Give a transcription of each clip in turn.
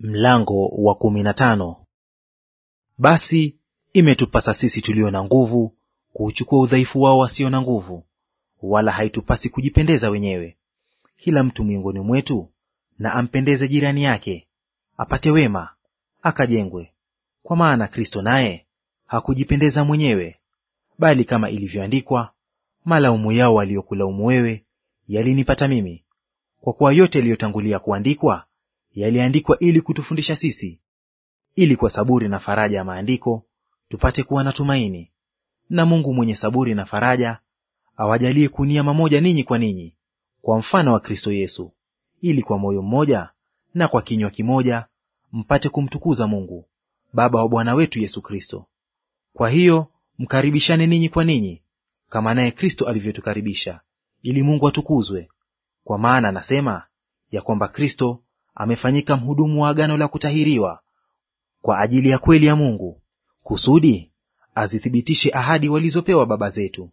Mlango wa kumi na tano. Basi imetupasa sisi tulio na nguvu kuuchukua udhaifu wao wasio na nguvu, wala haitupasi kujipendeza wenyewe. Kila mtu miongoni mwetu na ampendeze jirani yake, apate wema, akajengwe. Kwa maana Kristo naye hakujipendeza mwenyewe, bali kama ilivyoandikwa, malaumu yao waliokulaumu wewe yalinipata mimi. Kwa kuwa yote yaliyotangulia kuandikwa yaliandikwa ili kutufundisha sisi, ili kwa saburi na faraja ya maandiko tupate kuwa na tumaini. Na Mungu mwenye saburi na faraja awajalie kunia mamoja ninyi kwa ninyi kwa mfano wa Kristo Yesu, ili kwa moyo mmoja na kwa kinywa kimoja mpate kumtukuza Mungu Baba wa Bwana wetu Yesu Kristo. Kwa hiyo mkaribishane ninyi kwa ninyi, kama naye Kristo alivyotukaribisha, ili Mungu atukuzwe. Kwa maana anasema ya kwamba Kristo amefanyika mhudumu wa agano la kutahiriwa kwa ajili ya kweli ya Mungu, kusudi azithibitishe ahadi walizopewa baba zetu,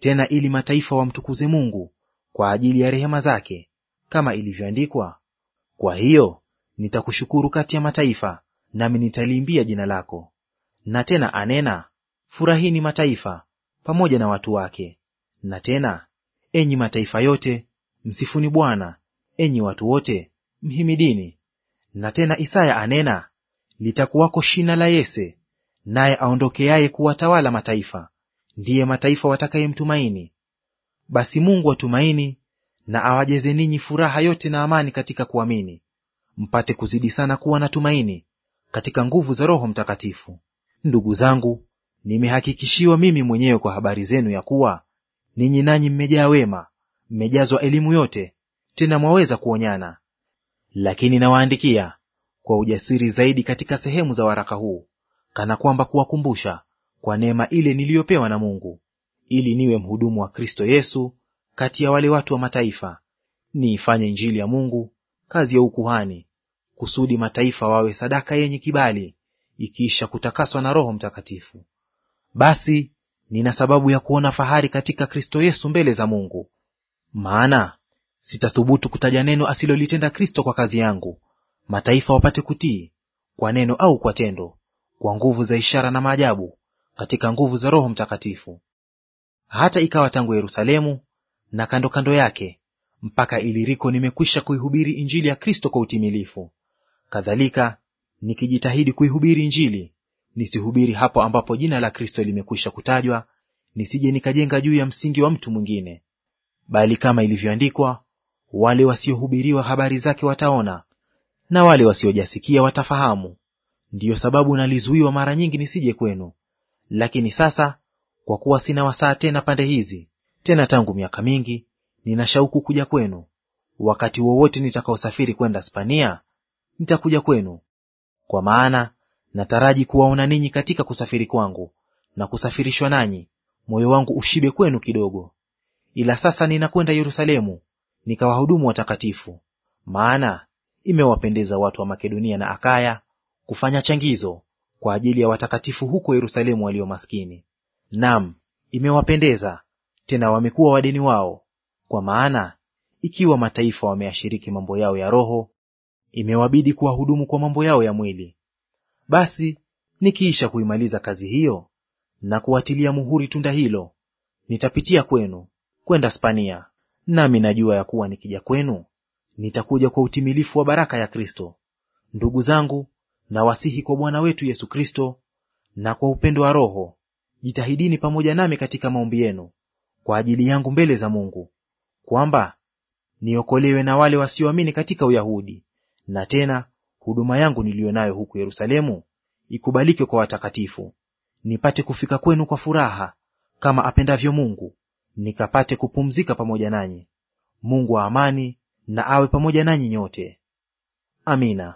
tena ili mataifa wamtukuze Mungu kwa ajili ya rehema zake, kama ilivyoandikwa, kwa hiyo nitakushukuru kati ya mataifa, nami nitaliimbia jina lako. Na tena anena, furahini mataifa pamoja na watu wake. Na tena, enyi mataifa yote, msifuni Bwana, enyi watu wote mhimidini. Na tena Isaya anena, litakuwako shina la Yese, naye aondokeaye kuwatawala mataifa, ndiye mataifa watakayemtumaini. Basi Mungu atumaini na awajeze ninyi furaha yote na amani katika kuamini, mpate kuzidi sana kuwa na tumaini katika nguvu za Roho Mtakatifu. Ndugu zangu, nimehakikishiwa mimi mwenyewe kwa habari zenu ya kuwa ninyi nanyi mmejaa wema, mmejazwa elimu yote, tena mwaweza kuonyana. Lakini nawaandikia kwa ujasiri zaidi katika sehemu za waraka huu, kana kwamba kuwakumbusha kwa neema ile niliyopewa na Mungu, ili niwe mhudumu wa Kristo Yesu kati ya wale watu wa mataifa, niifanye Injili ya Mungu kazi ya ukuhani, kusudi mataifa wawe sadaka yenye kibali, ikiisha kutakaswa na Roho Mtakatifu. Basi nina sababu ya kuona fahari katika Kristo Yesu mbele za Mungu. Maana Sitathubutu kutaja neno asilolitenda Kristo kwa kazi yangu, mataifa wapate kutii kwa neno au kwa tendo, kwa nguvu za ishara na maajabu, katika nguvu za Roho Mtakatifu. Hata ikawa tangu Yerusalemu na kando kando yake mpaka Iliriko nimekwisha kuihubiri injili ya Kristo kwa utimilifu. Kadhalika nikijitahidi kuihubiri injili, nisihubiri hapo ambapo jina la Kristo limekwisha kutajwa, nisije nikajenga juu ya msingi wa mtu mwingine. Bali kama ilivyoandikwa, wale wasiohubiriwa habari zake wataona, na wale wasiojasikia watafahamu. Ndiyo sababu nalizuiwa mara nyingi nisije kwenu. Lakini sasa kwa kuwa sina wasaa tena pande hizi, tena tangu miaka mingi, nina shauku kuja kwenu. Wakati wowote nitakaosafiri kwenda Spania, nitakuja kwenu, kwa maana nataraji kuwaona ninyi katika kusafiri kwangu na kusafirishwa nanyi, moyo wangu ushibe kwenu kidogo. Ila sasa ninakwenda Yerusalemu nikawahudumu watakatifu, maana imewapendeza watu wa Makedonia na Akaya kufanya changizo kwa ajili ya watakatifu huko Yerusalemu walio maskini. Naam, imewapendeza tena, wamekuwa wadeni wao, kwa maana ikiwa mataifa wameyashiriki mambo yao ya roho, imewabidi kuwahudumu kwa mambo yao ya mwili. Basi nikiisha kuimaliza kazi hiyo na kuwatilia muhuri tunda hilo, nitapitia kwenu kwenda Spania. Nami najua ya kuwa nikija kwenu nitakuja kwa utimilifu wa baraka ya Kristo. Ndugu zangu, nawasihi kwa Bwana wetu Yesu Kristo na kwa upendo wa Roho, jitahidini pamoja nami katika maombi yenu kwa ajili yangu mbele za Mungu, kwamba niokolewe na wale wasioamini katika Uyahudi, na tena huduma yangu niliyo nayo huku Yerusalemu ikubalike kwa watakatifu, nipate kufika kwenu kwa furaha kama apendavyo Mungu nikapate kupumzika pamoja nanyi. Mungu wa amani na awe pamoja nanyi nyote. Amina.